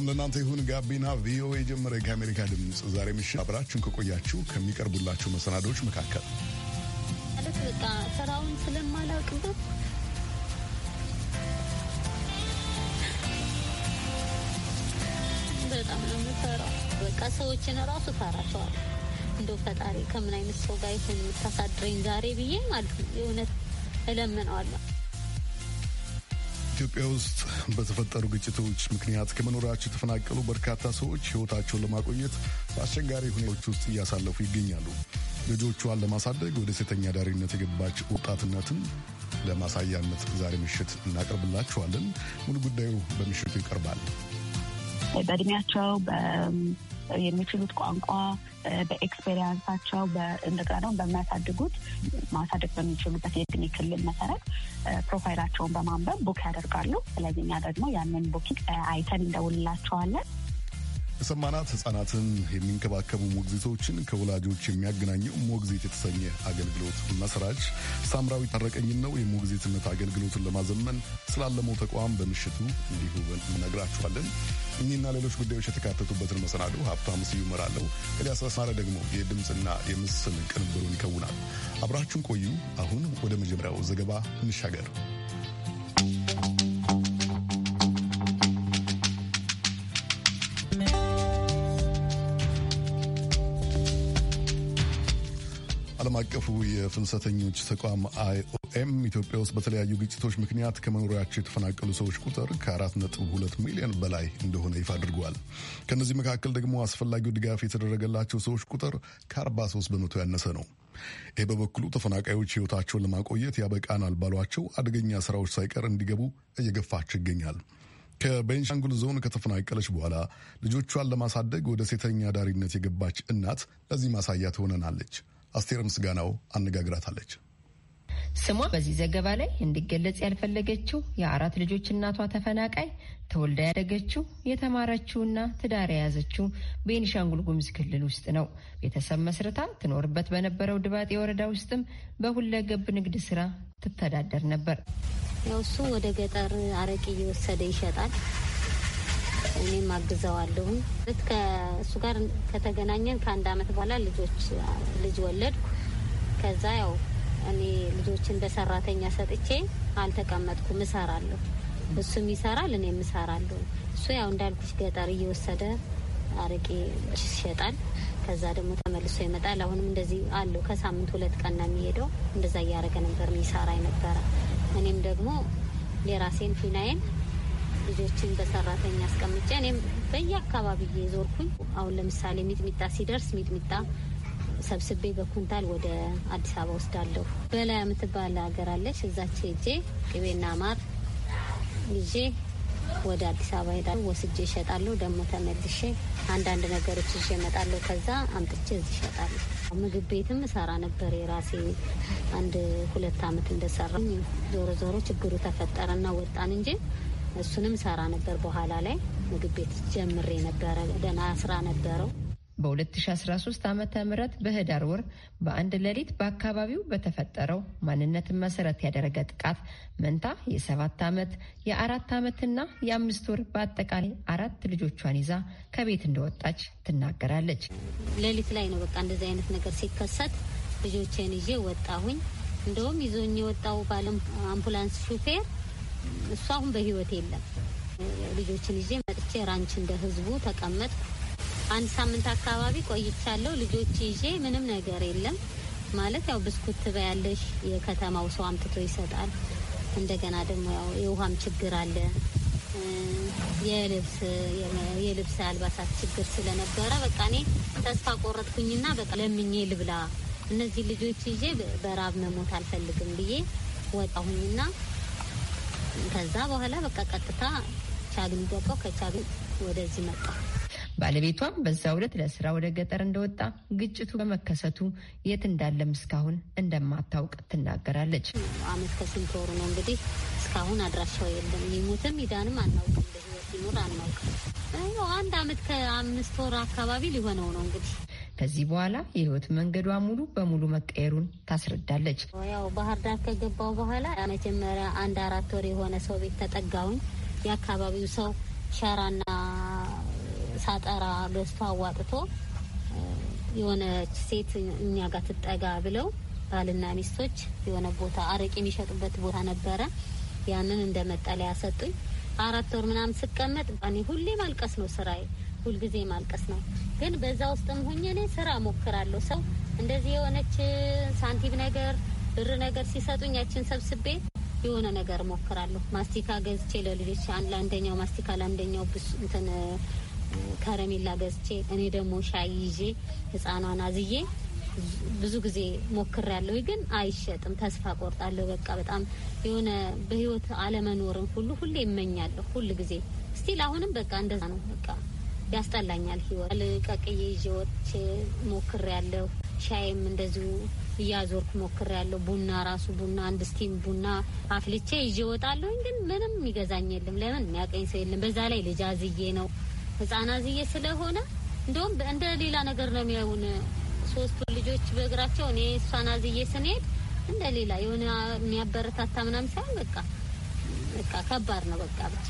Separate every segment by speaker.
Speaker 1: ሰላም ለእናንተ ይሁን። ጋቢና ቪኦኤ ጀመረ ከአሜሪካ ድምፅ ዛሬ ምሽት አብራችሁን ከቆያችሁ ከሚቀርቡላችሁ መሰናዶዎች መካከል
Speaker 2: ስራውን ስለማላውቅበት በጣም ነው የምፈራው። በቃ ሰዎችን ራሱ ፈራቸዋል። እንደው ፈጣሪ ከምን አይነት ሰው ጋር ይሁን የምታሳድረኝ ዛሬ ብዬ ማለት ነው የእውነት እለምነዋለሁ።
Speaker 1: ኢትዮጵያ ውስጥ በተፈጠሩ ግጭቶች ምክንያት ከመኖሪያቸው የተፈናቀሉ በርካታ ሰዎች ሕይወታቸውን ለማቆየት በአስቸጋሪ ሁኔታዎች ውስጥ እያሳለፉ ይገኛሉ። ልጆቿን ለማሳደግ ወደ ሴተኛ አዳሪነት የገባች ወጣትነትን ለማሳያነት ዛሬ ምሽት እናቀርብላችኋለን። ሙሉ ጉዳዩ በምሽቱ ይቀርባል።
Speaker 3: በእድሜያቸው የሚችሉት ቋንቋ በኤክስፔሪንሳቸው እንደገና ደግሞ በሚያሳድጉት ማሳደግ በሚችሉበት የእድሜ ክልል መሰረት ፕሮፋይላቸውን በማንበብ ቡክ ያደርጋሉ። ስለዚህ እኛ ደግሞ ያንን ቡክ አይተን እንደውልላቸዋለን።
Speaker 1: የሰማናት ህጻናትን የሚንከባከቡ ሞግዚቶችን ከወላጆች የሚያገናኘው ሞግዚት የተሰኘ አገልግሎት መስራች ሳምራዊ ታረቀኝን ነው። የሞግዚትነት አገልግሎትን ለማዘመን ስላለመው ተቋም በምሽቱ እንዲሁ እነግራችኋለን። እኚህና ሌሎች ጉዳዮች የተካተቱበትን መሰናዶ ሀብታም ስዩም እመራለሁ። ኤልያስ አስማረ ደግሞ የድምፅና የምስል ቅንብሩን ይከውናል። አብራችሁን ቆዩ። አሁን ወደ መጀመሪያው ዘገባ እንሻገር። አቀፉ የፍልሰተኞች ተቋም አይኦኤም ኢትዮጵያ ውስጥ በተለያዩ ግጭቶች ምክንያት ከመኖሪያቸው የተፈናቀሉ ሰዎች ቁጥር ከ4.2 ሚሊዮን በላይ እንደሆነ ይፋ አድርጓል። ከእነዚህ መካከል ደግሞ አስፈላጊው ድጋፍ የተደረገላቸው ሰዎች ቁጥር ከ43 በመቶ ያነሰ ነው። ይህ በበኩሉ ተፈናቃዮች ሕይወታቸውን ለማቆየት ያበቃናል ባሏቸው አደገኛ ስራዎች ሳይቀር እንዲገቡ እየገፋች ይገኛል። ከቤንሻንጉል ዞን ከተፈናቀለች በኋላ ልጆቿን ለማሳደግ ወደ ሴተኛ ዳሪነት የገባች እናት ለዚህ ማሳያ ትሆነናለች። አስቴር ምስጋናው አነጋግራታለች።
Speaker 4: ስሟ በዚህ ዘገባ ላይ እንዲገለጽ ያልፈለገችው የአራት ልጆች እናቷ ተፈናቃይ ተወልዳ ያደገችው የተማረችውና ትዳር የያዘችው ቤኒሻንጉል ጉሙዝ ክልል ውስጥ ነው። ቤተሰብ መስርታ ትኖርበት በነበረው ድባጤ ወረዳ ውስጥም በሁለገብ ንግድ ስራ ትተዳደር ነበር።
Speaker 2: ያው እሱ ወደ ገጠር አረቄ እየወሰደ ይሸጣል። እኔም ት ከእሱ ጋር ከተገናኘን ከአንድ አመት በኋላ ልጆች ልጅ ወለድኩ። ከዛ ያው እኔ ልጆችን በሰራተኛ ሰጥቼ አልተቀመጥኩም፣ እሰራለሁ። እሱም ይሰራል፣ እኔም እሰራለሁ። እሱ ያው እንዳልኩሽ ገጠር እየወሰደ አረቄ ይሸጣል። ከዛ ደግሞ ተመልሶ ይመጣል። አሁንም እንደዚህ አለው። ከሳምንት ሁለት ቀን ነው የሚሄደው። እንደዛ እያደረገ ነበር ሚሰራ ነበረ። እኔም ደግሞ የራሴን ፊናዬን ልጆችን በሰራተኛ አስቀምጬ እኔም በየአካባቢ የዞርኩኝ አሁን ለምሳሌ ሚጥሚጣ ሲደርስ ሚጥሚጣ ሰብስቤ በኩንታል ወደ አዲስ አበባ ወስዳለሁ። በላይ የምትባል ሀገር አለች። እዛች ሄጄ ቅቤና ማር ይዤ ወደ አዲስ አበባ ሄዳለሁ። ወስጄ ይሸጣለሁ። ደግሞ ተመልሼ አንዳንድ ነገሮች ይዤ እመጣለሁ። ከዛ አምጥቼ እዚህ ይሸጣለሁ። ምግብ ቤትም እሰራ ነበር የራሴ አንድ ሁለት አመት እንደሰራ። ዞሮ ዞሮ ችግሩ ተፈጠረና ወጣን እንጂ እሱንም ሰራ ነበር። በኋላ ላይ ምግብ ቤት ጀምሬ ነበረ። ደህና ስራ ነበረው።
Speaker 4: በ2013 ዓ ም በህዳር ወር በአንድ ሌሊት በአካባቢው በተፈጠረው ማንነትን መሰረት ያደረገ ጥቃት መንታ የሰባት ዓመት የአራት ዓመትና የአምስት ወር በአጠቃላይ አራት ልጆቿን ይዛ ከቤት እንደወጣች ትናገራለች።
Speaker 2: ሌሊት ላይ ነው በቃ እንደዚህ አይነት ነገር ሲከሰት ልጆቼን ይዤ ወጣሁኝ። እንደውም ይዞኝ የወጣው ባለ አምቡላንስ ሹፌር እሱ አሁን በህይወት የለም። ልጆችን ይዤ መጥቼ ራንች እንደ ህዝቡ ተቀመጥ አንድ ሳምንት አካባቢ ቆይቻለሁ። ልጆች ይዤ ምንም ነገር የለም ማለት ያው ብስኩት ትበያለሽ፣ የከተማው ሰው አምትቶ ይሰጣል። እንደገና ደግሞ ያው የውሃም ችግር አለ፣ የልብስ የልብስ አልባሳት ችግር ስለነበረ በቃ እኔ ተስፋ ቆረጥኩኝና በቃ ለምኜ ልብላ እነዚህ ልጆች ይዤ በራብ መሞት አልፈልግም ብዬ ወጣሁኝና ከዛ በኋላ በቃ ቀጥታ ቻግኒ ገባው። ከቻግኒ ወደዚህ መጣ።
Speaker 4: ባለቤቷም በዛ ዕለት ለስራ ወደ ገጠር እንደወጣ ግጭቱ በመከሰቱ የት እንዳለም እስካሁን እንደማታውቅ ትናገራለች።
Speaker 2: አመት ከስንት ወሩ ነው እንግዲህ እስካሁን አድራሻው የለም። ይሙትም ይዳንም አናውቅም። በህይወት ይኑር አናውቅም። አንድ አመት ከአምስት ወር አካባቢ ሊሆነው ነው እንግዲህ
Speaker 4: ከዚህ በኋላ የህይወት መንገዷ ሙሉ በሙሉ መቀየሩን ታስረዳለች።
Speaker 2: ያው ባህር ዳር ከገባው በኋላ መጀመሪያ አንድ አራት ወር የሆነ ሰው ቤት ተጠጋውኝ። የአካባቢው ሰው ሸራና ሳጠራ ገዝቶ አዋጥቶ የሆነች ሴት እኛ ጋር ትጠጋ ብለው ባልና ሚስቶች የሆነ ቦታ አረቄ የሚሸጡበት ቦታ ነበረ። ያንን እንደ መጠለያ ሰጡኝ። አራት ወር ምናምን ስቀመጥ እኔ ሁሌ ማልቀስ ነው ስራዬ። ሁልጊዜ ማልቀስ ነው። ግን በዛ ውስጥም ሆኜ እኔ ስራ ሞክራለሁ። ሰው እንደዚህ የሆነች ሳንቲም ነገር ብር ነገር ሲሰጡኝ ያችን ሰብስቤ የሆነ ነገር ሞክራለሁ። ማስቲካ ገዝቼ ለልጆች ለአንደኛው ማስቲካ ለአንደኛው ብስ እንትን ከረሜላ ገዝቼ እኔ ደግሞ ሻይ ይዤ ህፃኗን አዝዬ ብዙ ጊዜ ሞክሬያለሁ፣ ግን አይሸጥም። ተስፋ ቆርጣለሁ። በቃ በጣም የሆነ በህይወት አለመኖርም ሁሉ ሁሌ ይመኛለሁ። ሁል ጊዜ ስቲል አሁንም በቃ እንደዛ ነው በቃ ያስጠላኛል ህይወት። ልቀቅዬ ይዤ ወጥቼ ሞክሬ ያለሁ። ሻይም እንደዚሁ እያዞርኩ ሞክሬ ያለሁ። ቡና ራሱ ቡና አንድ ስቲም ቡና አፍልቼ ይዤ ወጣለሁኝ፣ ግን ምንም ይገዛኝ የለም። ለምን የሚያቀኝ ሰው የለም። በዛ ላይ ልጅ አዝዬ ነው ህጻን አዝዬ ስለሆነ እንደውም እንደ ሌላ ነገር ነው የሚያዩን። ሶስቱ ልጆች በእግራቸው እኔ እሷን አዝዬ ስንሄድ እንደ ሌላ የሆነ የሚያበረታታ ምናምን ሳይሆን በቃ በቃ ከባድ ነው በቃ ብቻ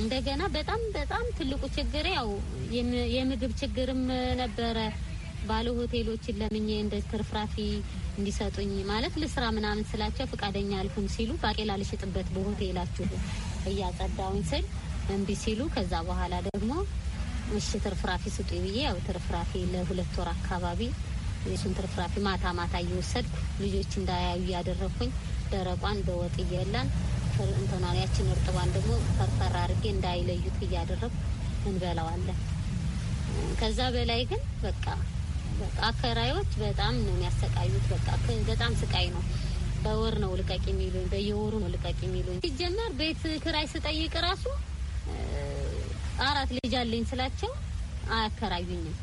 Speaker 2: እንደገና በጣም በጣም ትልቁ ችግር ያው የምግብ ችግርም ነበረ። ባለ ሆቴሎችን ለምኜ እንደ ትርፍራፊ እንዲሰጡኝ ማለት ልስራ ምናምን ስላቸው ፈቃደኛ አልኩም ሲሉ ባቄላ ልሽጥበት በሆቴላችሁ እያጸዳውን ስል እምቢ ሲሉ ከዛ በኋላ ደግሞ እሺ ትርፍራፊ ስጡ ብዬ ያው ትርፍራፊ ለሁለት ወር አካባቢ የሱን ትርፍራፊ ማታ ማታ እየወሰድኩ ልጆች እንዳያዩ እያደረግኩኝ ደረቋን በወጥ እየላን እንትና ያችን እርጥቧን ደግሞ ፈርፈር አድርጌ እንዳይለዩት እያደረግ እንበላዋለን። ከዛ በላይ ግን በቃ በቃ አከራዮች በጣም ነው የሚያሰቃዩት። በቃ በጣም ስቃይ ነው። በወር ነው ልቀቅ የሚሉኝ፣ በየወሩ ነው ልቀቅ የሚሉኝ። ሲጀመር ቤት ክራይ ስጠይቅ ራሱ አራት ልጅ አለኝ ስላቸው አያከራዩኝም።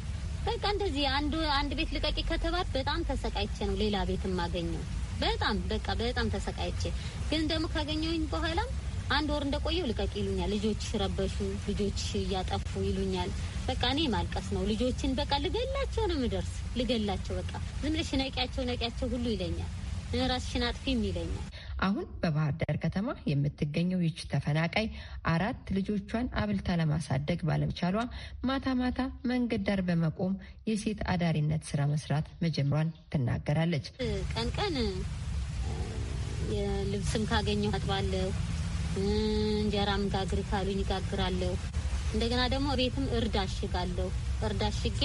Speaker 2: በቃ እንደዚህ አንድ አንድ ቤት ልቀቂ ከተባል በጣም ተሰቃይቼ ነው ሌላ ቤት የማገኘው። በጣም በቃ በጣም ተሰቃይቼ ግን ደግሞ ካገኘሁኝ በኋላም አንድ ወር እንደቆየው ልቀቅ ይሉኛል። ልጆች ረበሹ፣ ልጆች እያጠፉ ይሉኛል። በቃ እኔ ማልቀስ ነው። ልጆችን በቃ ልገላቸው ነው ምደርስ ልገላቸው። በቃ ዝም ብለሽ ነቂያቸው ነቂያቸው ሁሉ ይለኛል። ራስሽን አጥፊም ይለኛል።
Speaker 4: አሁን በባህር ዳር ከተማ የምትገኘው ይች ተፈናቃይ አራት ልጆቿን አብልታ ለማሳደግ ባለመቻሏ ማታ ማታ መንገድ ዳር በመቆም የሴት አዳሪነት ስራ መስራት መጀመሯን ትናገራለች።
Speaker 2: ቀን ቀን ልብስም ካገኘሁ አጥባለሁ፣ እንጀራም ጋግር ካሉኝ ይጋግራለሁ። እንደገና ደግሞ ቤትም እርድ አሽጋለሁ። እርድ አሽጌ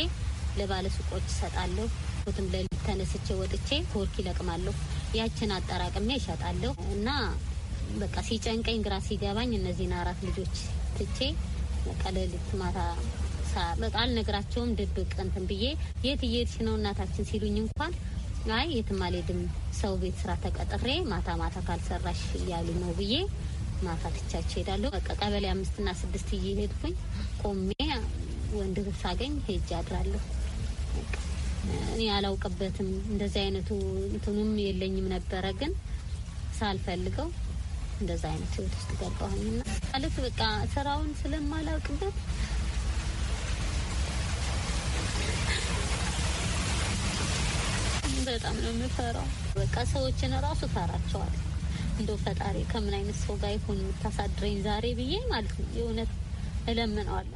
Speaker 2: ለባለሱቆች እሰጣለሁ። ትም ለሊት ተነስቼ ወጥቼ ፖርክ ይለቅማለሁ ያችን አጠራቅሜ ይሸጣለሁ እና በቃ ሲጨንቀኝ ግራ ሲገባኝ እነዚህን አራት ልጆች ትቼ ቀለልት ማታ በቃ አልነግራቸውም ድብቅ እንትን ብዬ የት እየሄድሽ ነው እናታችን ሲሉኝ እንኳን አይ የትም አልሄድም ሰው ቤት ስራ ተቀጥሬ ማታ ማታ ካልሰራሽ እያሉ ነው ብዬ ማታ ትቻቸው ሄዳለሁ። በቃ ቀበሌ አምስትና ስድስት እየሄድኩኝ ቆሜ ወንድ ሳገኝ ሄጅ አድራለሁ። እኔ አላውቅበትም። እንደዚህ አይነቱ እንትኑም የለኝም ነበረ። ግን ሳልፈልገው እንደዚ አይነት ህይወት ውስጥ ገባሁኝና ማለት በቃ ስራውን ስለማላውቅበት በጣም ነው የምፈራው። በቃ ሰዎችን እራሱ ፈራቸዋል። እንደው ፈጣሪ ከምን አይነት ሰው ጋር ይሆን የምታሳድረኝ ዛሬ ብዬ ማለት ነው የእውነት እለምነዋል።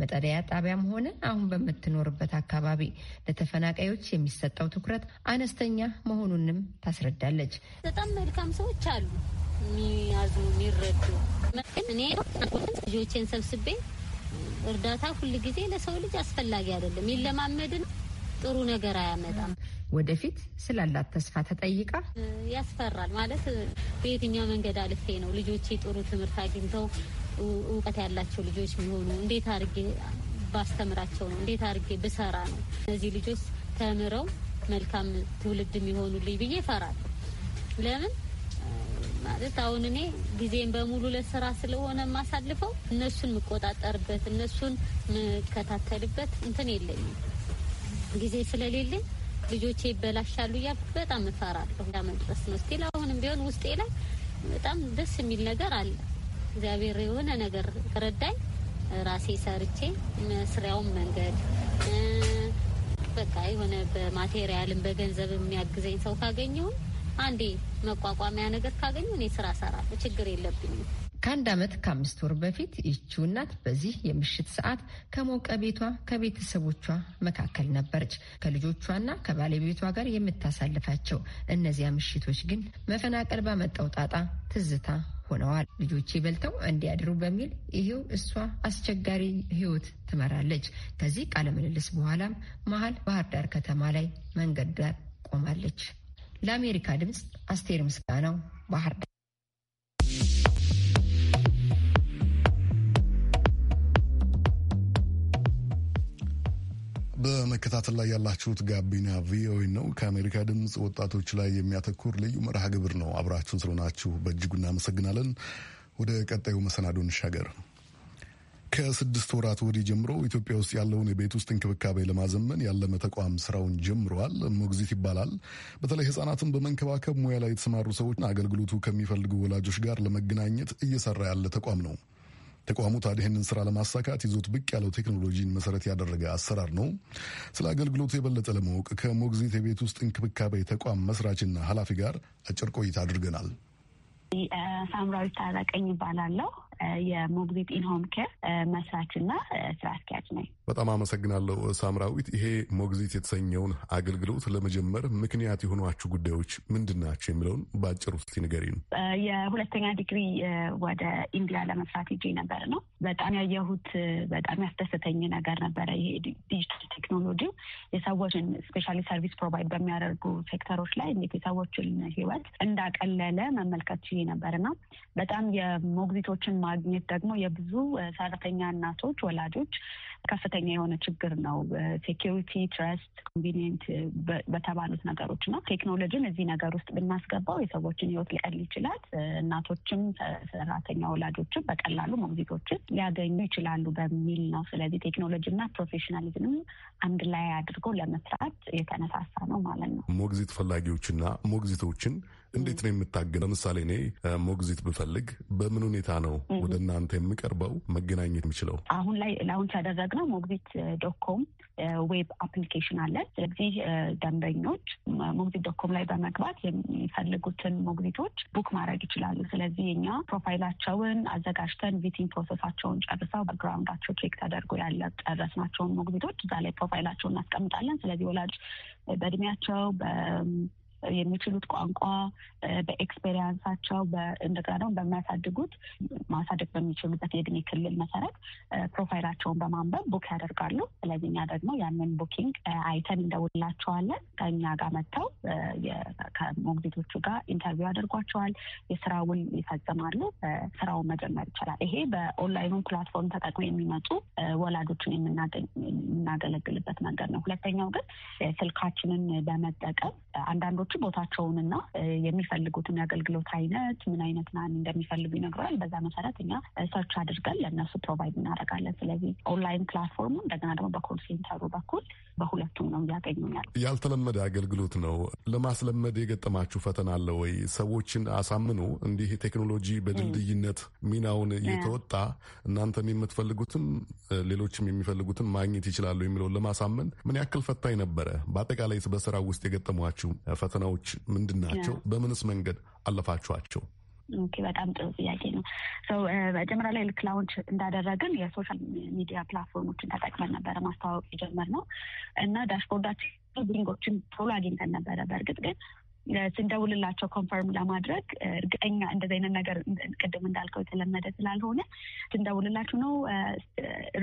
Speaker 4: መጠለያ ጣቢያም ሆነ አሁን በምትኖርበት አካባቢ ለተፈናቃዮች የሚሰጠው ትኩረት አነስተኛ መሆኑንም ታስረዳለች።
Speaker 2: በጣም መልካም ሰዎች አሉ የሚያዙ የሚረዱ። እኔ ልጆቼን ሰብስቤ እርዳታ ሁል ጊዜ ለሰው ልጅ አስፈላጊ አይደለም፣ ነው፣ ጥሩ ነገር አያመጣም።
Speaker 4: ወደፊት ስላላት ተስፋ ተጠይቃ
Speaker 2: ያስፈራል ማለት በየትኛው መንገድ አልፌ ነው ልጆቼ ጥሩ ትምህርት አግኝተው እውቀት ያላቸው ልጆች ቢሆኑ እንዴት አድርጌ ባስተምራቸው ነው? እንዴት አድርጌ ብሰራ ነው እነዚህ ልጆች ተምረው መልካም ትውልድ የሚሆኑልኝ ብዬ ፈራል። ለምን ማለት አሁን እኔ ጊዜን በሙሉ ለስራ ስለሆነ የማሳልፈው እነሱን የምቆጣጠርበት እነሱን የምከታተልበት እንትን የለኝም። ጊዜ ስለሌለኝ ልጆቼ ይበላሻሉ እያልኩ በጣም እፈራለሁ። ያመድረስ ነው ስቲል አሁንም ቢሆን ውስጤ ላይ በጣም ደስ የሚል ነገር አለ። እግዚአብሔር የሆነ ነገር ከረዳኝ ራሴ ሰርቼ መስሪያውን መንገድ በቃ የሆነ በማቴሪያልም በገንዘብ የሚያግዘኝ ሰው ካገኘሁ አንዴ መቋቋሚያ ነገር ካገኘሁ እኔ ስራ ሰራለሁ። ችግር የለብኝም።
Speaker 4: ከአንድ ዓመት ከአምስት ወር በፊት ይቺው እናት በዚህ የምሽት ሰዓት ከሞቀ ቤቷ ከቤተሰቦቿ መካከል ነበረች። ከልጆቿና ከባለቤቷ ጋር የምታሳልፋቸው እነዚያ ምሽቶች ግን መፈናቀል ባመጣው ጣጣ ትዝታ ሆነዋል። ልጆቼ በልተው እንዲያድሩ በሚል ይሄው እሷ አስቸጋሪ ህይወት ትመራለች። ከዚህ ቃለ ምልልስ በኋላም መሀል ባህር ዳር ከተማ ላይ መንገድ ዳር ቆማለች። ለአሜሪካ ድምፅ አስቴር ምስጋናው ባህር ዳር
Speaker 1: በመከታተል ላይ ያላችሁት ጋቢና ቪኦኤ ነው። ከአሜሪካ ድምፅ ወጣቶች ላይ የሚያተኩር ልዩ መርሃ ግብር ነው። አብራችሁን ስለሆናችሁ በእጅጉ እናመሰግናለን። ወደ ቀጣዩ መሰናዶ እንሻገር። ከስድስት ወራት ወዲህ ጀምሮ ኢትዮጵያ ውስጥ ያለውን የቤት ውስጥ እንክብካቤ ለማዘመን ያለመ ተቋም ስራውን ጀምረዋል። ሞግዚት ይባላል። በተለይ ሕጻናትን በመንከባከብ ሙያ ላይ የተሰማሩ ሰዎችን አገልግሎቱ ከሚፈልጉ ወላጆች ጋር ለመገናኘት እየሰራ ያለ ተቋም ነው። ተቋሙ ታዲያ ይህንን ስራ ለማሳካት ይዞት ብቅ ያለው ቴክኖሎጂን መሰረት ያደረገ አሰራር ነው። ስለ አገልግሎቱ የበለጠ ለማወቅ ከሞግዚት የቤት ውስጥ እንክብካቤ ተቋም መስራችና ኃላፊ ጋር አጭር ቆይታ አድርገናል።
Speaker 3: ሳምራዊት ታላቀኝ ይባላለሁ። የሞግዚት ኢንሆም ኬር መስራችና ስራ አስኪያጅ
Speaker 1: ነኝ። በጣም አመሰግናለሁ ሳምራዊት። ይሄ ሞግዚት የተሰኘውን አገልግሎት ለመጀመር ምክንያት የሆኗችሁ ጉዳዮች ምንድን ናቸው የሚለውን በአጭር ውስጥ ንገሪ ነው።
Speaker 3: የሁለተኛ ዲግሪ ወደ ኢንዲያ ለመስራት ሄጄ ነበር ነው። በጣም ያየሁት በጣም ያስደሰተኝ ነገር ነበረ። ይሄ ዲጂታል ቴክኖሎጂ የሰዎችን ስፔሻሊ ሰርቪስ ፕሮቫይድ በሚያደርጉ ሴክተሮች ላይ እንዴት የሰዎችን ህይወት እንዳቀለለ መመልከት ችዬ ነበር እና በጣም የሞግዚቶችን ማግኘት ደግሞ የብዙ ሰራተኛ እናቶች፣ ወላጆች ከፍተ ከፍተኛ የሆነ ችግር ነው። ሴኪሪቲ፣ ትረስት፣ ኮንቪኒንት በተባሉት ነገሮች ነው። ቴክኖሎጂን እዚህ ነገር ውስጥ ብናስገባው የሰዎችን ህይወት ሊቀል ይችላል። እናቶችም ሰራተኛ ወላጆችም በቀላሉ ሞግዚቶችን ሊያገኙ ይችላሉ በሚል ነው። ስለዚህ ቴክኖሎጂና ፕሮፌሽናሊዝምም አንድ ላይ አድርጎ ለመስራት የተነሳሳ ነው ማለት
Speaker 1: ነው። ሞግዚት ፈላጊዎችና ሞግዚቶችን እንዴት ነው የምታገነው? ለምሳሌ እኔ ሞግዚት ብፈልግ በምን ሁኔታ ነው ወደ እናንተ የምቀርበው መገናኘት የሚችለው?
Speaker 3: አሁን ላይ ላውንች ያደረግነው ሞግዚት ዶኮም ዌብ አፕሊኬሽን አለ። ስለዚህ ደንበኞች ሞግዚት ዶኮም ላይ በመግባት የሚፈልጉትን ሞግዚቶች ቡክ ማድረግ ይችላሉ። ስለዚህ እኛ ፕሮፋይላቸውን አዘጋጅተን ቪቲንግ ፕሮሰሳቸውን ጨርሰው በግራውንዳቸው ቼክ ተደርጎ ያለ ጨረስናቸውን ሞግዚቶች እዛ ላይ ፕሮፋይላቸውን እናስቀምጣለን። ስለዚህ ወላጅ በእድሜያቸው የሚችሉት ቋንቋ በኤክስፔሪንሳቸው እንደገና ደግሞ በሚያሳድጉት ማሳደግ በሚችሉበት የእድሜ ክልል መሰረት ፕሮፋይላቸውን በማንበብ ቡክ ያደርጋሉ። ስለዚህ እኛ ደግሞ ያንን ቡኪንግ አይተን እንደውላቸዋለን። ከእኛ ጋር መጥተው ከሞግዚቶቹ ጋር ኢንተርቪው ያደርጓቸዋል። የስራ ውል ይፈጽማሉ። ስራውን መጀመር ይቻላል። ይሄ በኦንላይኑን ፕላትፎርም ተጠቅሞ የሚመጡ ወላጆችን የምናገለግልበት መንገድ ነው። ሁለተኛው ግን ስልካችንን በመጠቀም አንዳንዶ ሰዎቹ ቦታቸውንና የሚፈልጉትን የአገልግሎት አይነት ምን አይነት ና እንደሚፈልጉ ይነግረዋል። በዛ መሰረት እኛ ሰርች አድርገን ለእነሱ ፕሮቫይድ እናደርጋለን። ስለዚህ ኦንላይን ፕላትፎርሙ እንደገና ደግሞ በኮል ሴንተሩ በኩል በሁለቱም ነው ያገኙኛል።
Speaker 1: ያልተለመደ አገልግሎት ነው። ለማስለመድ የገጠማችሁ ፈተና አለ ወይ? ሰዎችን አሳምኑ እንዲህ ቴክኖሎጂ በድልድይነት ሚናውን እየተወጣ እናንተም የምትፈልጉትን ሌሎችም የሚፈልጉትን ማግኘት ይችላሉ የሚለውን ለማሳመን ምን ያክል ፈታኝ ነበረ? በአጠቃላይ በስራ ውስጥ የገጠሟችሁ ፈተናዎች ምንድን ናቸው? በምንስ መንገድ አለፋችኋቸው?
Speaker 3: ኦኬ፣ በጣም ጥሩ ጥያቄ ነው። ሰው መጀመሪያ ላይ ልክ ላውንች እንዳደረግን የሶሻል ሚዲያ ፕላትፎርሞችን ተጠቅመን ነበረ ማስተዋወቅ የጀመርነው እና ዳሽቦርዳችን ሊንኮችን ቶሎ አግኝተን ነበረ። በእርግጥ ግን ስንደውልላቸው ኮንፈርም ለማድረግ እርግጠኛ እንደዚህ አይነት ነገር ቅድም እንዳልከው የተለመደ ስላልሆነ ስንደውልላቸው ነው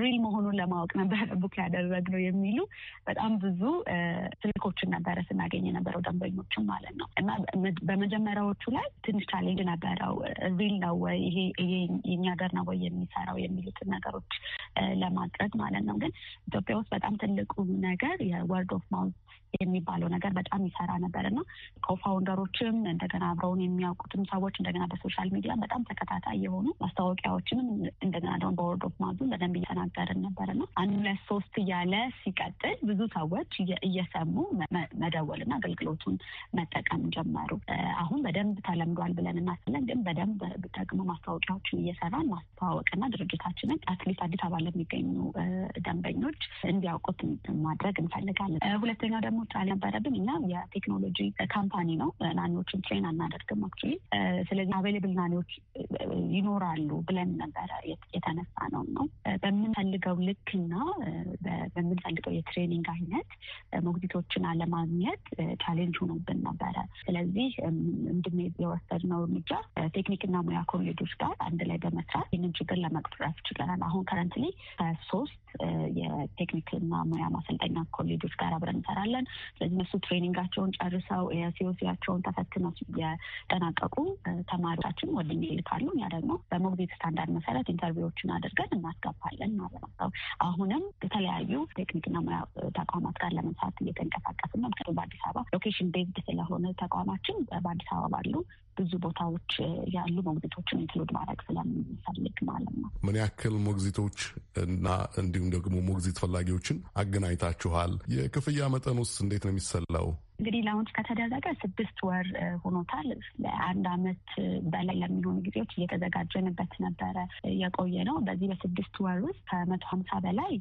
Speaker 3: ሪል መሆኑን ለማወቅ ነበረ ቡክ ነው የሚሉ በጣም ብዙ ስልኮችን ነበረ ስናገኝ የነበረው ደንበኞችን ማለት ነው። እና በመጀመሪያዎቹ ላይ ትንሽ ቻሌንጅ ነበረው። ሪል ነው ወይ ይሄ የኛ ገር ነው ወይ የሚሰራው የሚሉትን ነገሮች ለማድረግ ማለት ነው። ግን ኢትዮጵያ ውስጥ በጣም ትልቁ ነገር የወርድ ኦፍ ማውዝ የሚባለው ነገር በጣም ይሰራ ነበር እና ኮፋውንደሮችም እንደገና አብረውን የሚያውቁትም ሰዎች እንደገና በሶሻል ሚዲያ በጣም ተከታታይ የሆኑ ማስታወቂያዎችንም እንደገና ደግሞ በወርድ ኦፍ በደንብ እየተናገርን ነበር እና አንድ ሁለት ሶስት እያለ ሲቀጥል ብዙ ሰዎች እየሰሙ መደወልና አገልግሎቱን መጠቀም ጀመሩ። አሁን በደንብ ተለምዷል ብለን እናስለን፣ ግን በደንብ ደግሞ ማስታወቂያዎችን እየሰራን ማስተዋወቅና ድርጅታችንን አትሊስት አዲስ አበባ ለሚገኙ ደንበኞች እንዲያውቁት ማድረግ እንፈልጋለን። ሁለተኛው ደግሞ ነበረብን እኛ የቴክኖሎጂ ካምፓ ካምፓኒ ነው። ናኒዎችን ትሬን አናደርግም አክቹዋሊ። ስለዚህ አቬይላብል ናኒዎች ይኖራሉ ብለን ነበረ የተነሳ ነው ነው በምንፈልገው ልክና በምንፈልገው የትሬኒንግ አይነት ሞግዚቶችን አለማግኘት ቻሌንጅ ሆኖብን ነበረ። ስለዚህ እንድንሄድ የወሰድነው እርምጃ ቴክኒክና ሙያ ኮሌጆች ጋር አንድ ላይ በመስራት ይህንን ችግር ለመቅረፍ ችለናል። አሁን ከረንትሊ ከሶስት የቴክኒክና ሙያ ማሰልጠኛ ኮሌጆች ጋር አብረን እንሰራለን። ስለዚህ እነሱ ትሬኒንጋቸውን ጨርሰው የሲኦሲያቸውን ተፈትነው የጠናቀቁ ተማሪዎቻችን ወደ ይልካሉ። እኛ ደግሞ በሞግዚት ስታንዳርድ መሰረት ኢንተርቪዎችን አድርገን እናስገባለን ማለት ነው። አሁንም የተለያዩ ቴክኒክና ሙያ ተቋማት ጋር ለመንሳት እየተንቀሳቀስን ነው። ምክንያቱም በአዲስ አበባ ሎኬሽን ቤዝድ ስለሆነ ተቋማችን በአዲስ አበባ ባሉ ብዙ ቦታዎች ያሉ ሞግዚቶችን ኢንክሉድ ማድረግ ስለምንፈልግ ማለት ነው።
Speaker 1: ምን ያክል ሞግዚቶች እና እንዲሁም ደግሞ ሞግዚት ፈላጊዎችን አገናኝታችኋል? የክፍያ መጠን ውስጥ እንዴት ነው የሚሰላው?
Speaker 3: እንግዲህ ላውንች ከተደረገ ስድስት ወር ሆኖታል። ለአንድ አመት በላይ ለሚሆኑ ጊዜዎች እየተዘጋጀንበት ነበረ የቆየ ነው። በዚህ በስድስት ወር ውስጥ ከመቶ ሀምሳ በላይ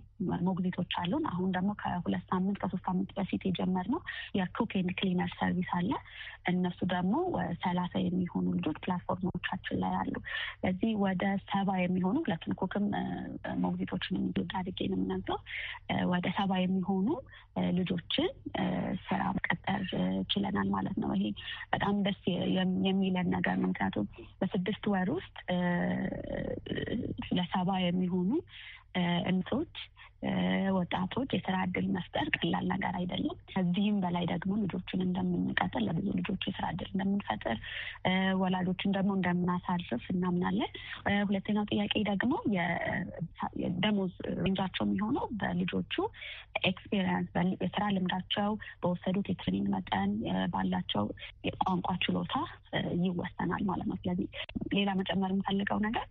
Speaker 3: ሞግዚቶች አሉን። አሁን ደግሞ ከሁለት ሳምንት ከሶስት ሳምንት በፊት የጀመርነው የኩክ ኤንድ ክሊነር ሰርቪስ አለ። እነሱ ደግሞ ሰላሳ የሚሆኑ ልጆች ፕላትፎርሞቻችን ላይ አሉ። በዚህ ወደ ሰባ የሚሆኑ ሁለቱን ኩክም ሞግዚቶችን አድጌ ነው የምናገረው ወደ ሰባ የሚሆኑ ልጆችን ስራ መፍጠር ችለናል ማለት ነው። ይሄ በጣም ደስ የሚለን ነገር ነው። ምክንያቱም በስድስት ወር ውስጥ ለሰባ የሚሆኑ እንሶች ወጣቶች የስራ እድል መፍጠር ቀላል ነገር አይደለም። ከዚህም በላይ ደግሞ ልጆችን እንደምንቀጥል ለብዙ ልጆች የስራ እድል እንደምንፈጥር ወላጆችን ደግሞ እንደምናሳርፍ እናምናለን። ሁለተኛው ጥያቄ ደግሞ ደሞዝ ሬንጃቸው የሚሆነው በልጆቹ ኤክስፔሪንስ፣ የስራ ልምዳቸው፣ በወሰዱት የትሬኒንግ መጠን፣ ባላቸው የቋንቋ ችሎታ ይወሰናል ማለት ነው። ስለዚህ ሌላ መጨመር የምፈልገው ነገር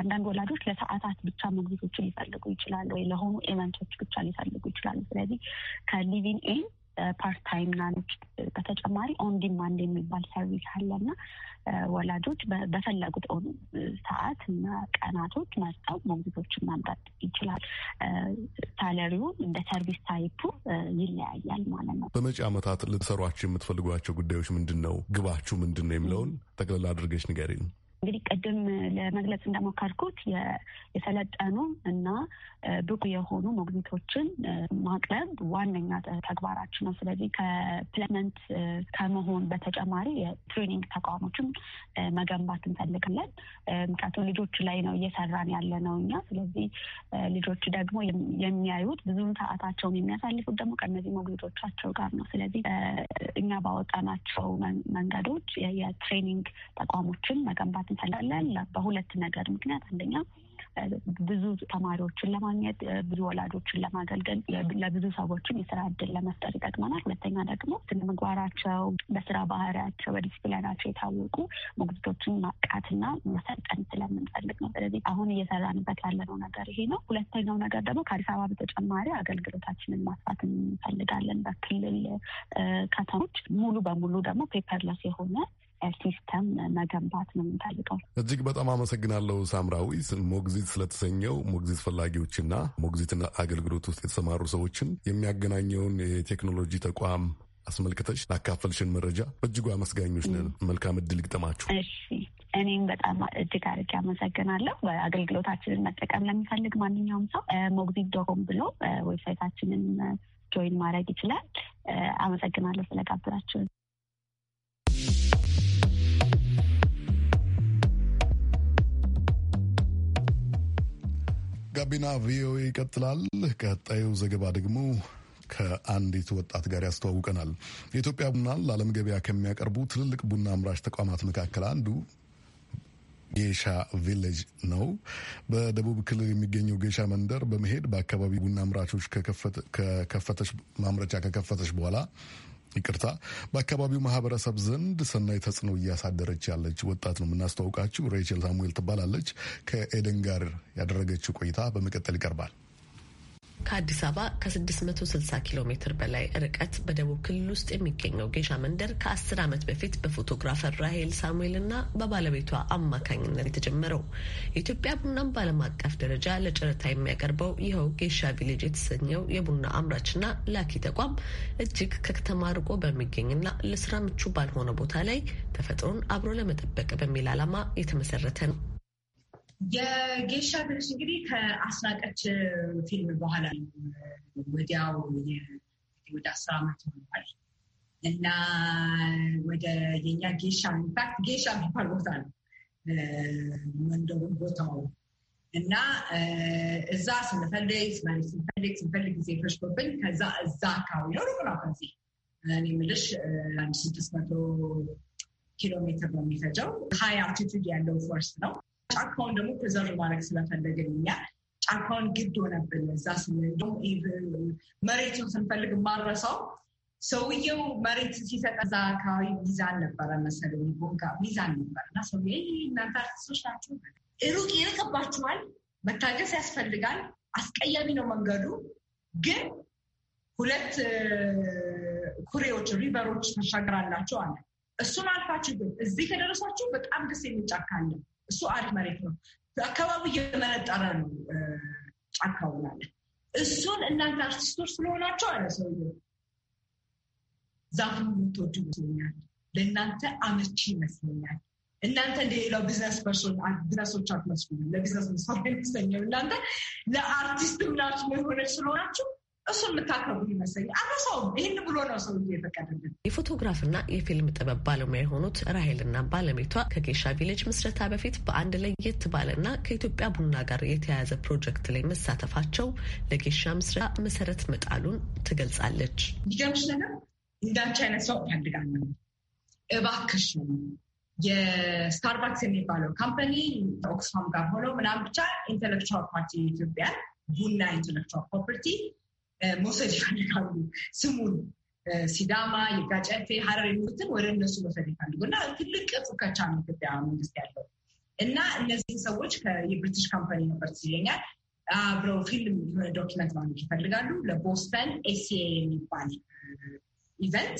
Speaker 3: አንዳንድ ወላጆች ለሰዓታት ብቻ መግቢቶችን ሊፈልጉ ይችላሉ ወይ ለሆኑ ኢንቨስትመንቶች ብቻ ሊፈልጉ ይችላሉ። ስለዚህ ከሊቪን ኢን ፓርት ታይም ናኖች በተጨማሪ ኦን ዲማንድ የሚባል ሰርቪስ አለ እና ወላጆች በፈለጉት ሰዓት እና ቀናቶች መርጠው ሞግዚቶችን ማምጣት ይችላል። ሳለሪውን እንደ ሰርቪስ ታይፑ ይለያያል
Speaker 1: ማለት ነው። በመጪ ዓመታት ልትሰሯቸው የምትፈልጓቸው ጉዳዮች ምንድን ነው? ግባችሁ ምንድን ነው የሚለውን ጠቅልላ አድርገሽ ንገሪን።
Speaker 3: እንግዲህ ቅድም ለመግለጽ እንደሞከርኩት የሰለጠኑ እና ብቁ የሆኑ ሞግኒቶችን ማቅረብ ዋነኛ ተግባራችን ነው። ስለዚህ ከፕለመንት ከመሆን በተጨማሪ የትሬኒንግ ተቋሞችን መገንባት እንፈልጋለን። ምክንያቱም ልጆች ላይ ነው እየሰራን ያለ ነው እኛ። ስለዚህ ልጆች ደግሞ የሚያዩት ብዙም ሰዓታቸውን የሚያሳልፉት ደግሞ ከእነዚህ ሞግኒቶቻቸው ጋር ነው። ስለዚህ እኛ ባወጣናቸው መንገዶች የትሬኒንግ ተቋሞችን መገንባት ማግኘት እንችላለን። በሁለት ነገር ምክንያት አንደኛ ብዙ ተማሪዎችን ለማግኘት ብዙ ወላጆችን ለማገልገል ለብዙ ሰዎችን የስራ እድል ለመፍጠር ይጠቅመናል። ሁለተኛ ደግሞ ስነ ምግባራቸው፣ በስራ ባህሪያቸው፣ በዲስፕሊናቸው የታወቁ ሞግዚቶችን ማቃትና መሰልጠን ስለምንፈልግ ነው። ስለዚህ አሁን እየሰራንበት ያለነው ነገር ይሄ ነው። ሁለተኛው ነገር ደግሞ ከአዲስ አበባ በተጨማሪ አገልግሎታችንን ማስፋት እንፈልጋለን። በክልል ከተሞች ሙሉ በሙሉ ደግሞ ፔፐርለስ የሆነ ሲስተም መገንባት ነው የምንፈልገው።
Speaker 1: እጅግ በጣም አመሰግናለሁ ሳምራዊ ሞግዚት ስለተሰኘው ሞግዚት ፈላጊዎችና ሞግዚት አገልግሎት ውስጥ የተሰማሩ ሰዎችን የሚያገናኘውን የቴክኖሎጂ ተቋም አስመልክተሽ ላካፈልሽን መረጃ በእጅጉ አመስጋኞች ነን። መልካም እድል ይግጠማችሁ።
Speaker 3: እሺ፣ እኔም በጣም እጅግ አድርጌ አመሰግናለሁ። አገልግሎታችንን መጠቀም ለሚፈልግ ማንኛውም ሰው ሞግዚት ዶኮም ብሎ ዌብሳይታችንን ጆይን ማድረግ ይችላል። አመሰግናለሁ ስለጋብራችሁን።
Speaker 1: ጋቢና ቪኦኤ ይቀጥላል። ቀጣዩ ዘገባ ደግሞ ከአንዲት ወጣት ጋር ያስተዋውቀናል። የኢትዮጵያ ቡናን ለዓለም ገበያ ከሚያቀርቡ ትልልቅ ቡና አምራች ተቋማት መካከል አንዱ ጌሻ ቪሌጅ ነው። በደቡብ ክልል የሚገኘው ጌሻ መንደር በመሄድ በአካባቢ ቡና አምራቾች ማምረቻ ከከፈተች በኋላ ይቅርታ፣ በአካባቢው ማህበረሰብ ዘንድ ሰናይ ተጽዕኖ እያሳደረች ያለች ወጣት ነው የምናስተዋውቃችሁ። ሬቸል ሳሙኤል ትባላለች። ከኤደን ጋር ያደረገችው ቆይታ በመቀጠል ይቀርባል።
Speaker 5: ከአዲስ አበባ ከ660 ኪሎ ሜትር በላይ ርቀት በደቡብ ክልል ውስጥ የሚገኘው ጌሻ መንደር ከ10 ዓመት በፊት በፎቶግራፈር ራሄል ሳሙኤል በባለቤቷ አማካኝነት የተጀመረው የኢትዮጵያ ቡናን በዓለም አቀፍ ደረጃ ለጨረታ የሚያቀርበው ይኸው ጌሻ ቪሌጅ የተሰኘው የቡና አምራችና ላኪ ተቋም እጅግ ከከተማ ርቆ በሚገኝና ለስራ ምቹ ባልሆነ ቦታ ላይ ተፈጥሮን አብሮ ለመጠበቅ በሚል ዓላማ የተመሰረተ ነው።
Speaker 6: የጌሻ ድርሽ እንግዲህ ከአስናቀች ፊልም በኋላ ወዲያው ወደ አስር ዓመት ሆኗል እና ወደ የኛ ጌሻ ኢንፋክት ጌሻ የሚባል ቦታ ነው መንደሩ ቦታው እና እዛ ስንፈልግ ስንፈልግ ስንፈልግ ጊዜ ፈሽቶብን ከዛ እዛ አካባቢ ነው ሩቅ ነው ከዚህ እኔ የምልሽ አንድ ስድስት መቶ ኪሎ ሜትር ነው የሚፈጀው ሀይ አልቲቱድ ያለው ፎርስ ነው ጫካውን ደግሞ ፕሪዘርቭ ማድረግ ስለፈለግን እኛ ጫካውን ግድ ሆነብን። እዛ መሬቱን ስንፈልግ ማረሰው ሰውየው መሬት ሲሰጥ እዛ አካባቢ ሚዛን ነበረ መሰለኝ ቦጋ ሚዛን ነበር እና ሰው እናንተ አርቲስቶች ናችሁ፣ ሩቅ ይርቅባችኋል፣ መታገስ ያስፈልጋል። አስቀያሚ ነው መንገዱ ግን ሁለት ኩሬዎች ሪቨሮች ተሻግራላችሁ አለ። እሱን አልፋችሁ ግን እዚህ ከደረሳችሁ በጣም ደስ የሚጫካለን እሱ አሪፍ መሬት ነው። አካባቢ እየመነጠረ ነው ጫካው ማለት እሱን እናንተ አርቲስቶች ስለሆናቸው አለ ሰውዬው ዛፉ የምትወዱ ይመስለኛል። ለእናንተ አመቺ ይመስለኛል። እናንተ እንደሌላው ቢዝነስ ፐርሶን ቢዝነሶች አትመስሉም። ለቢዝነስ መሰራ ይመስለኛል። እናንተ ለአርቲስት ምናችሁ የሆነች ስለሆናችሁ እሱ የምታከቡ ይመስለኝ አረሰውም ይህን ብሎ ነው ሰው የፈቀደልን።
Speaker 5: የፎቶግራፍና የፊልም ጥበብ ባለሙያ የሆኑት ራሄልና ባለቤቷ ከጌሻ ቪሌጅ ምስረታ በፊት በአንድ ለየት ባለና ከኢትዮጵያ ቡና ጋር የተያያዘ ፕሮጀክት ላይ መሳተፋቸው ለጌሻ ምስረታ መሰረት መጣሉን ትገልጻለች።
Speaker 6: ዲገምሽ ነገር እንዳንቺ አይነት ሰው እፈልጋለሁ እባክሽ የስታርባክስ የሚባለው ካምፓኒ ኦክስፋም ጋር ሆነው ምናምን ብቻ ኢንተሌክቹዋል ፓርቲ ኢትዮጵያን ቡና ኢንተሌክቹዋል ፕሮፐርቲ መውሰድ ይፈልጋሉ። ስሙን ሲዳማ፣ የጋጨፌ፣ ሀረር የሚሉትን ወደ እነሱ መውሰድ ይፈልጉ እና ትልቅ ፉከቻ ነው ኢትዮጵያ መንግስት ያለው እና እነዚህን ሰዎች የብሪቲሽ ካምፓኒ ነበር ይለኛል አብረው ፊልም የሆነ ዶኪመንት ማድረግ ይፈልጋሉ። ለቦስተን ኤሲኤ የሚባል ኢቨንት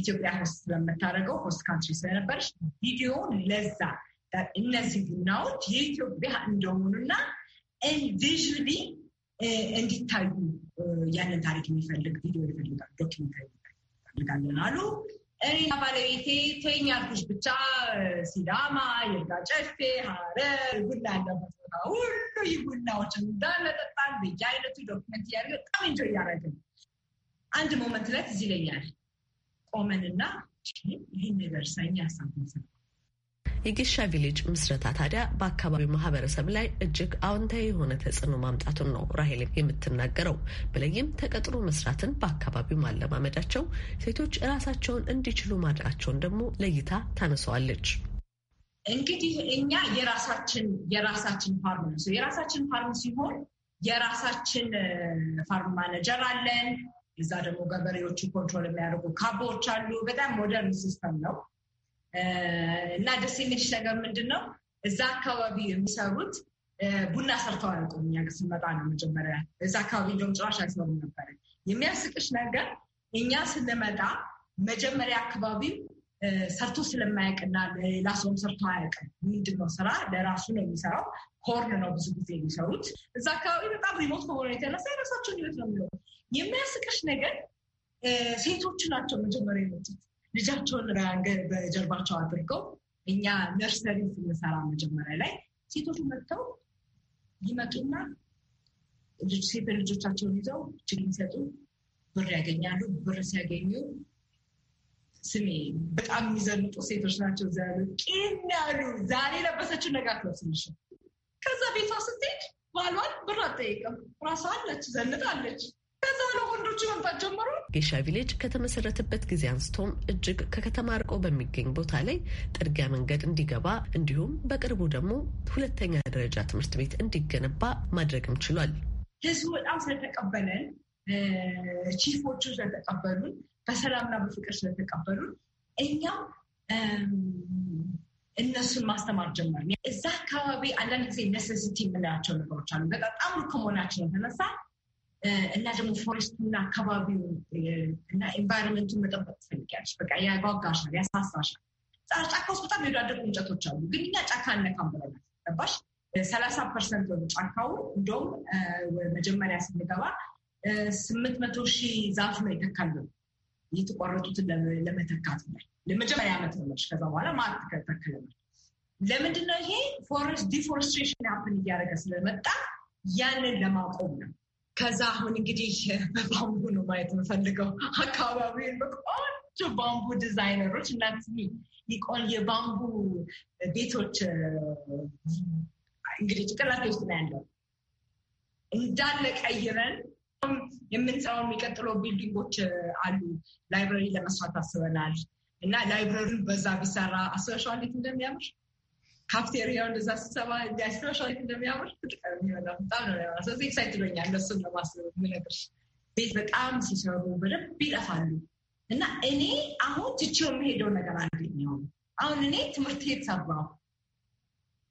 Speaker 6: ኢትዮጵያ ሆስት ስለምታደርገው ሆስት ካንትሪ ስለነበረች ቪዲዮ ለዛ እነዚህ ቡናዎች የኢትዮጵያ እንደሆኑና ቪዥሊ እንዲታዩ ያንን ታሪክ የሚፈልግ ቪዲዮ ይፈልጋል፣ ዶኪመንታሪ ይፈልጋለን አሉ። እኔና ባለቤቴ ተኛ ብቻ ሲዳማ፣ የጋ ጨፌ፣ ሀረር ቡና ያለበት ቦታ ሁሉ ይህ ቡናዎችን እንዳለ ጠጣን። በየአይነቱ ዶክመንት እያደረገ በጣም እንጆ እያደረገ አንድ ሞመንት ላይ ትዝ ይለኛል ቆመንና ይህን ነገር ሳኛ ያሳሰብ
Speaker 5: የጌሻ ቪሌጅ ምስረታ ታዲያ በአካባቢው ማህበረሰብ ላይ እጅግ አዎንታዊ የሆነ ተጽዕኖ ማምጣቱን ነው ራሄል የምትናገረው። በለይም ተቀጥሮ መስራትን በአካባቢው ማለማመዳቸው ሴቶች እራሳቸውን እንዲችሉ ማድረጋቸውን ደግሞ ለይታ ታነሰዋለች።
Speaker 6: እንግዲህ እኛ የራሳችን የራሳችን ፋርም ነው። የራሳችን ፋርም ሲሆን የራሳችን ፋርም ማኔጀር አለን። እዛ ደግሞ ገበሬዎቹ ኮንትሮል የሚያደርጉ ካቦዎች አሉ። በጣም ሞደርን ሲስተም ነው። እና ደስ የሚልሽ ነገር ምንድን ነው እዛ አካባቢ የሚሰሩት ቡና ሰርተው አያውቁም። እኛ ጋር ስንመጣ ነው መጀመሪያ። እዛ አካባቢ እንደውም ጭራሽ አይሰሩ ነበረ። የሚያስቅሽ ነገር እኛ ስንመጣ መጀመሪያ አካባቢ ሰርቶ ስለማያውቅና ሌላ ሰውም ሰርቶ አያውቅም። ነው ስራ ለራሱ ነው የሚሰራው። ኮርን ነው ብዙ ጊዜ የሚሰሩት እዛ አካባቢ በጣም ሪሞት ከሆነ የተነሳ የራሳቸውን ህይወት ነው የሚለው። የሚያስቅሽ ነገር ሴቶች ናቸው መጀመሪያ የመጡት ልጃቸውን በጀርባቸው አድርገው እኛ ነርሰሪ ስንሰራ መጀመሪያ ላይ ሴቶች መጥተው ይመጡና ሴት ልጆቻቸውን ይዘው ችግኝ ሰጡ፣ ብር ያገኛሉ። ብር ሲያገኙ ስሜ በጣም የሚዘንጡ ሴቶች ናቸው። እዛ ያሉ ቂም ያሉ ዛሬ የለበሰችው ነጋት አትለብስልሽ። ከዛ ቤቷ ስትሄድ ባሏን ብር አትጠይቅም፣ ራሷ አለች፣ ዘንጣለች። ከዛ ለወንዶቹ መምጣት ጀመሩ።
Speaker 5: ጌሻ ቪሌጅ ከተመሰረተበት ጊዜ አንስቶም እጅግ ከከተማ ርቆ በሚገኝ ቦታ ላይ ጥርጊያ መንገድ እንዲገባ እንዲሁም በቅርቡ ደግሞ ሁለተኛ ደረጃ ትምህርት ቤት እንዲገነባ ማድረግም ችሏል።
Speaker 6: ህዝቡ በጣም ስለተቀበለን፣ ቺፎቹ ስለተቀበሉን፣ በሰላምና በፍቅር ስለተቀበሉን እኛም እነሱን ማስተማር ጀመርን። እዛ አካባቢ አንዳንድ ጊዜ ነሴሲቲ የምንላቸው ነገሮች አሉ። በጣም ሩቅ ከመሆናችን የተነሳ እና ደግሞ እና አካባቢውን እና ኤንቫይሮንመንቱ መጠበቅ ትፈልጊያለሽ። በቃ ያጓጓሻል፣ ያሳሳሻል። ጫካ ውስጥ በጣም የወዳደቁ እንጨቶች አሉ፣ ግን እኛ ጫካ አነካም ብለናል። ገባሽ? ሰላሳ ፐርሰንት ወደ ጫካው እንደውም መጀመሪያ ስንገባ ስምንት መቶ ሺህ ዛፍ ነው የተካለው የተቋረጡትን ለመተካት ላይ ለመጀመሪያ ዓመት ነው ከዛ በኋላ ማት ተከለመል ለምንድነው ይሄ ፎረስት ዲፎረስትሬሽን ያፕን እያደረገ ስለመጣ ያንን ለማቆም ነው ከዛ አሁን እንግዲህ በባምቡ ነው ማየት የምፈልገው አካባቢውን በቆንጆ ባምቡ ዲዛይነሮች እናት ሊቆን የባምቡ ቤቶች እንግዲህ ጭቅላት ውስጥ ነው ያለው እንዳለ ቀይረን የምንሰራው የሚቀጥለው ቢልዲንጎች አሉ። ላይብረሪ ለመስራት አስበናል እና ላይብረሪን በዛ ቢሰራ አስበሸዋል እንደሚያምር ካፍቴሪያው እንደዛ ስሰባ ጃሽራሽ እንደሚያምር ትልቅ የሚበላው በጣም ነው ያ ስለዚህ ኤክሳይት ኤክሳይትዶኛል እንደሱን ለማስብ የምነግርሽ ቤት በጣም ሲሰሩ በደንብ ይጠፋሉ እና እኔ አሁን ትቼው የሚሄደው ነገር አንደኛው አሁን እኔ ትምህርት የተሰራው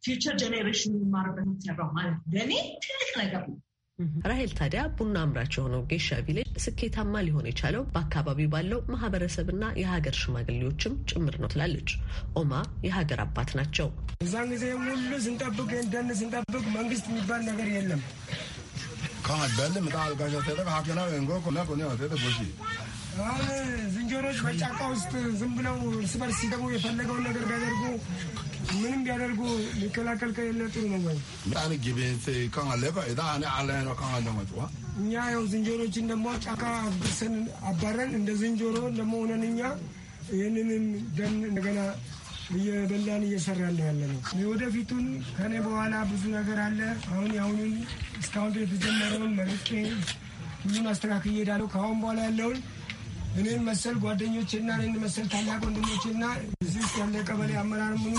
Speaker 6: ፊውቸር ጀኔሬሽን የሚማርበት ሰራው ማለት ለእኔ ትልቅ
Speaker 5: ነገር ነው። ራሄል ታዲያ ቡና አምራች የሆነው ጌሻ ቪሌጅ ስኬታማ ሊሆን የቻለው በአካባቢው ባለው ማህበረሰብና የሀገር ሽማግሌዎችም ጭምር ነው ትላለች። ኦማ የሀገር አባት ናቸው። እዛን ጊዜ ሙሉ ስንጠብቅ ደን ስንጠብቅ መንግስት የሚባል ነገር የለም።
Speaker 2: ዝንጀሮች በጫካ ውስጥ ዝም ብለው እርስ በርስ ሲገቡ የፈለገውን ነገር ቢያደርጉ ምንም ቢያደርጉ ሊከላከል ከሌለ ጥሩ ነው ወይ? እኛ ያው ዝንጀሮችን ደግሞ ጫካ አብሰን አባረን እንደ ዝንጀሮ ደግሞ ሆነን እኛ ይህንንም ደን እንደገና እየበላን እየሰራን ያለ ነው። ወደፊቱን ከኔ በኋላ ብዙ ነገር አለ። አሁን አሁኑን እስካሁን የተጀመረውን መልቄ ብዙን አስተካክዬ ሄዳለሁ። ከአሁን በኋላ ያለውን እኔን መሰል ጓደኞችና እኔን መሰል ታላቅ ወንድሞችና እዚህ ውስጥ ያለ ቀበሌ አመራር ምኑ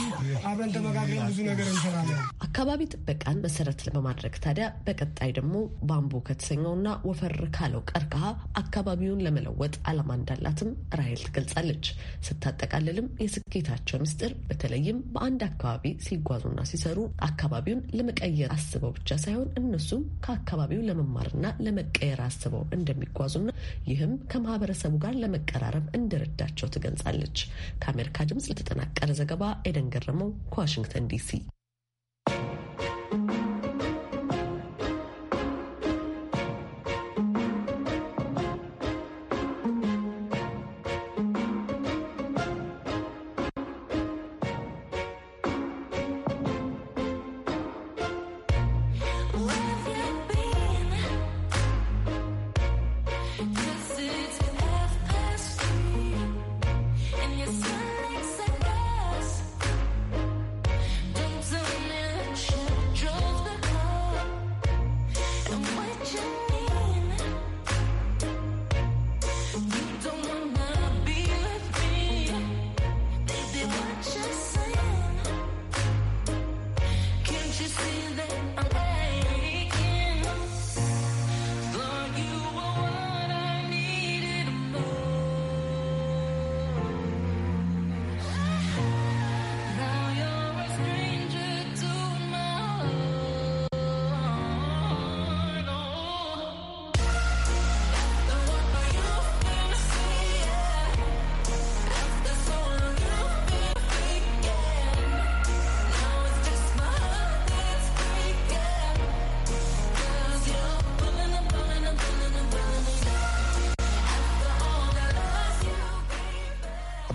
Speaker 2: አብረን ተመካክረን ብዙ ነገር እንሰራለን።
Speaker 5: አካባቢ ጥበቃን መሰረት በማድረግ ታዲያ በቀጣይ ደግሞ ባምቦ ከተሰኘውና ወፈር ካለው ቀርከሃ አካባቢውን ለመለወጥ አላማ እንዳላትም ራሄል ትገልጻለች። ስታጠቃልልም የስኬታቸው ምስጢር በተለይም በአንድ አካባቢ ሲጓዙና ሲሰሩ አካባቢውን ለመቀየር አስበው ብቻ ሳይሆን እነሱም ከአካባቢው ለመማርና ለመቀየር አስበው እንደሚጓዙና ይህም ከማህበረሰቡ ጋር ለመቀራረብ እንደረዳቸው ትገልጻለች። ከአሜሪካ ድምፅ ለተጠናቀረ ዘገባ ኤደን ገረመው ከዋሽንግተን ዲሲ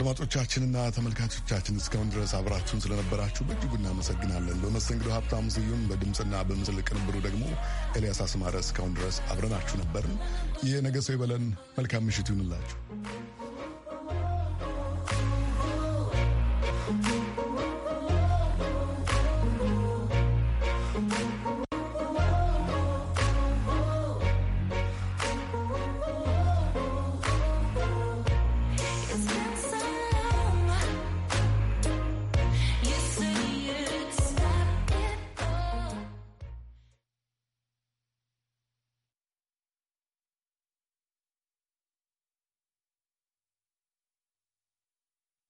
Speaker 1: አድማጮቻችንና ተመልካቾቻችን እስካሁን ድረስ አብራችሁን ስለነበራችሁ በእጅጉ እናመሰግናለን። በመስተንግዶ ሀብታሙ ስዩም፣ በድምፅና በምስል ቅንብሩ ደግሞ ኤልያስ አስማረ። እስካሁን ድረስ አብረናችሁ ነበርን። ነገ ሰው ይበለን። መልካም ምሽት ይሁንላችሁ።